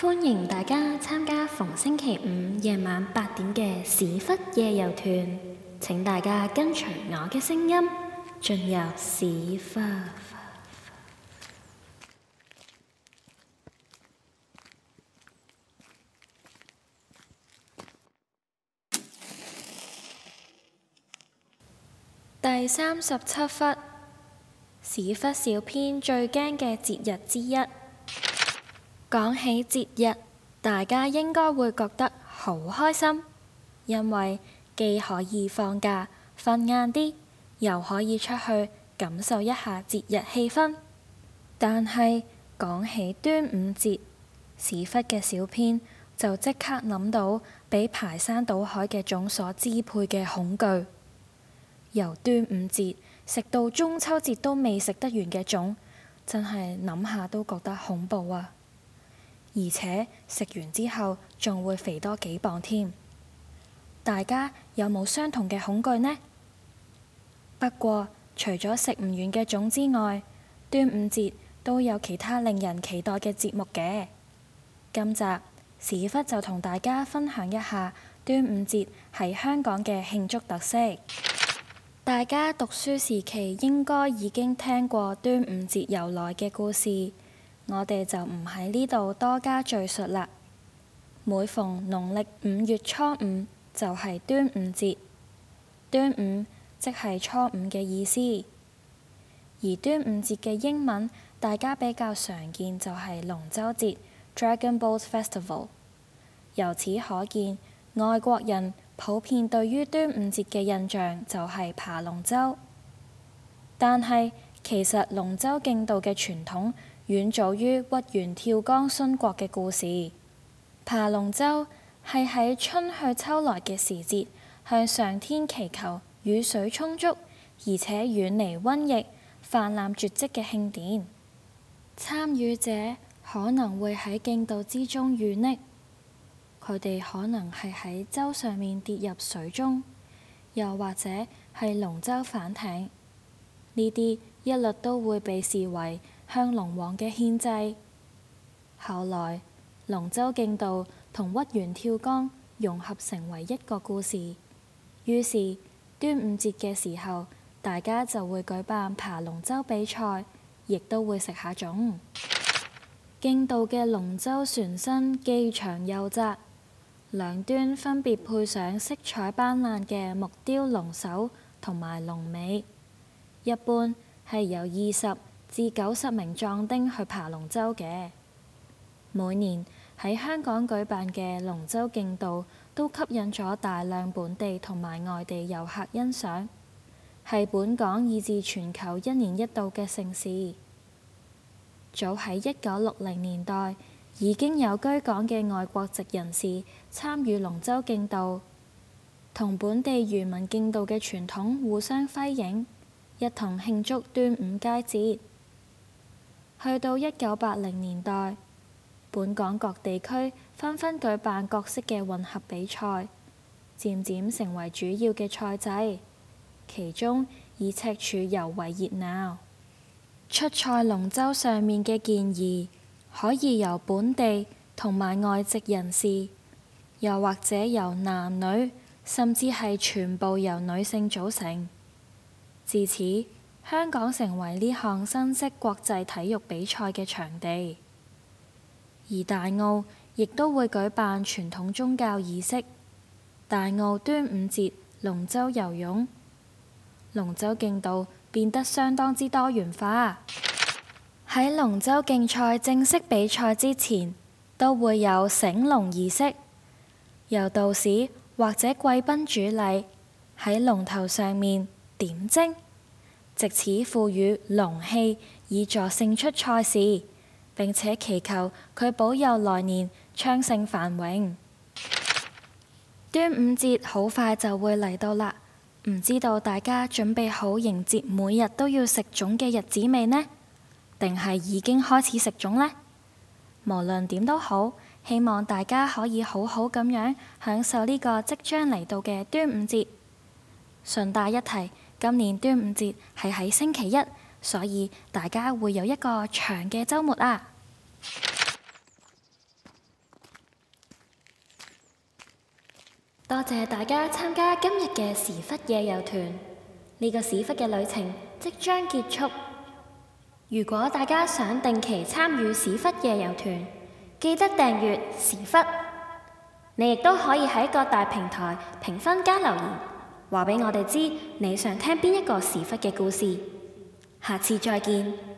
歡迎大家參加逢星期五晚夜晚八點嘅史窟夜遊團。請大家跟隨我嘅聲音進入史窟。 第三十七窟，史窟小編最驚嘅節日之一。講起節日，大家應該會覺得好開心，因為既可以放假瞓晏啲，又可以出去感受一下節日氣氛。但係講起端午節，史窟嘅小編就即刻諗到俾排山倒海嘅粽所支配嘅恐懼。由端午節食到中秋節都未食得完嘅粽，真係諗下都覺得恐怖啊！而且食完之後仲會肥多幾磅添，大家有冇相同嘅恐懼呢？不過除咗食唔完嘅粽之外，端午節都有其他令人期待嘅節目嘅。今集史窟就同大家分享一下端午節喺香港嘅慶祝特色。大家讀書時期應該已經聽過端午節由來嘅故事。我哋就唔喺呢度多加敘述啦。每逢農曆五月初五就係端午節，端午即係初五嘅意思。而端午節嘅英文大家比較常見就係龍舟節 （Dragon Boat Festival）。由此可見，外國人普遍對於端午節嘅印象就係扒龍舟。但係其實龍舟競渡嘅傳統遠早於屈原跳江殉國嘅故事，爬龍舟係喺春去秋來嘅時節，向上天祈求雨水充足，而且遠離瘟疫泛濫絕跡嘅慶典。參與者可能會喺競渡之中遇溺，佢哋可能係喺舟上面跌入水中，又或者係龍舟翻艇，呢啲一律都會被視為向龍王嘅獻祭，後來龍舟競渡同屈原跳江融合成為一個故事，於是端午節嘅時候，大家就會舉辦爬龍舟比賽，亦都會食下粽。競渡嘅龍舟船身既長又窄，兩端分別配上色彩斑斕嘅木雕龍首同埋龍尾，一般係由二十至九十名壯丁去爬龍舟嘅，每年喺香港舉辦嘅龍舟競渡都吸引咗大量本地同埋外地遊客欣賞，係本港以至全球一年一度嘅盛事。早喺一九六零年代已經有居港嘅外國籍人士參與龍舟競渡，同本地漁民競渡嘅傳統互相輝映，一同慶祝端午佳節。去到一九八零年代，本港各地區紛紛舉辦各式嘅混合比賽，漸漸成為主要嘅賽制，其中以赤柱尤為熱鬧。出賽龍舟上面嘅建議，可以由本地同埋外籍人士，又或者由男女，甚至係全部由女性組成。至此。香港成為呢項新式國際體育比賽嘅場地，而大澳亦都會舉辦傳統宗教儀式。大澳端午節龍舟遊涌、龍舟競渡變得相當之多元化。喺龍舟競賽正式比賽之前，都會有醒龍儀式，由道士或者貴賓主禮喺龍頭上面點睛。藉此賦予龍氣，以助勝出賽事，並且祈求佢保佑來年昌盛繁榮。端午節好快就會嚟到啦，唔知道大家準備好迎接每日都要食粽嘅日子未呢？定係已經開始食粽呢？無論點都好，希望大家可以好好咁樣享受呢個即將嚟到嘅端午節。順帶一提。今年端午節係喺星期一，所以大家會有一個長嘅周末啊！ 多謝大家參加今日嘅史窟夜遊團，呢、這個史窟嘅旅程即將結束。如果大家想定期參與史窟夜遊團，記得訂閱史窟。你亦都可以喺各大平台評分加留言。話俾我哋知，你想聽邊一個史窟嘅故事？下次再見。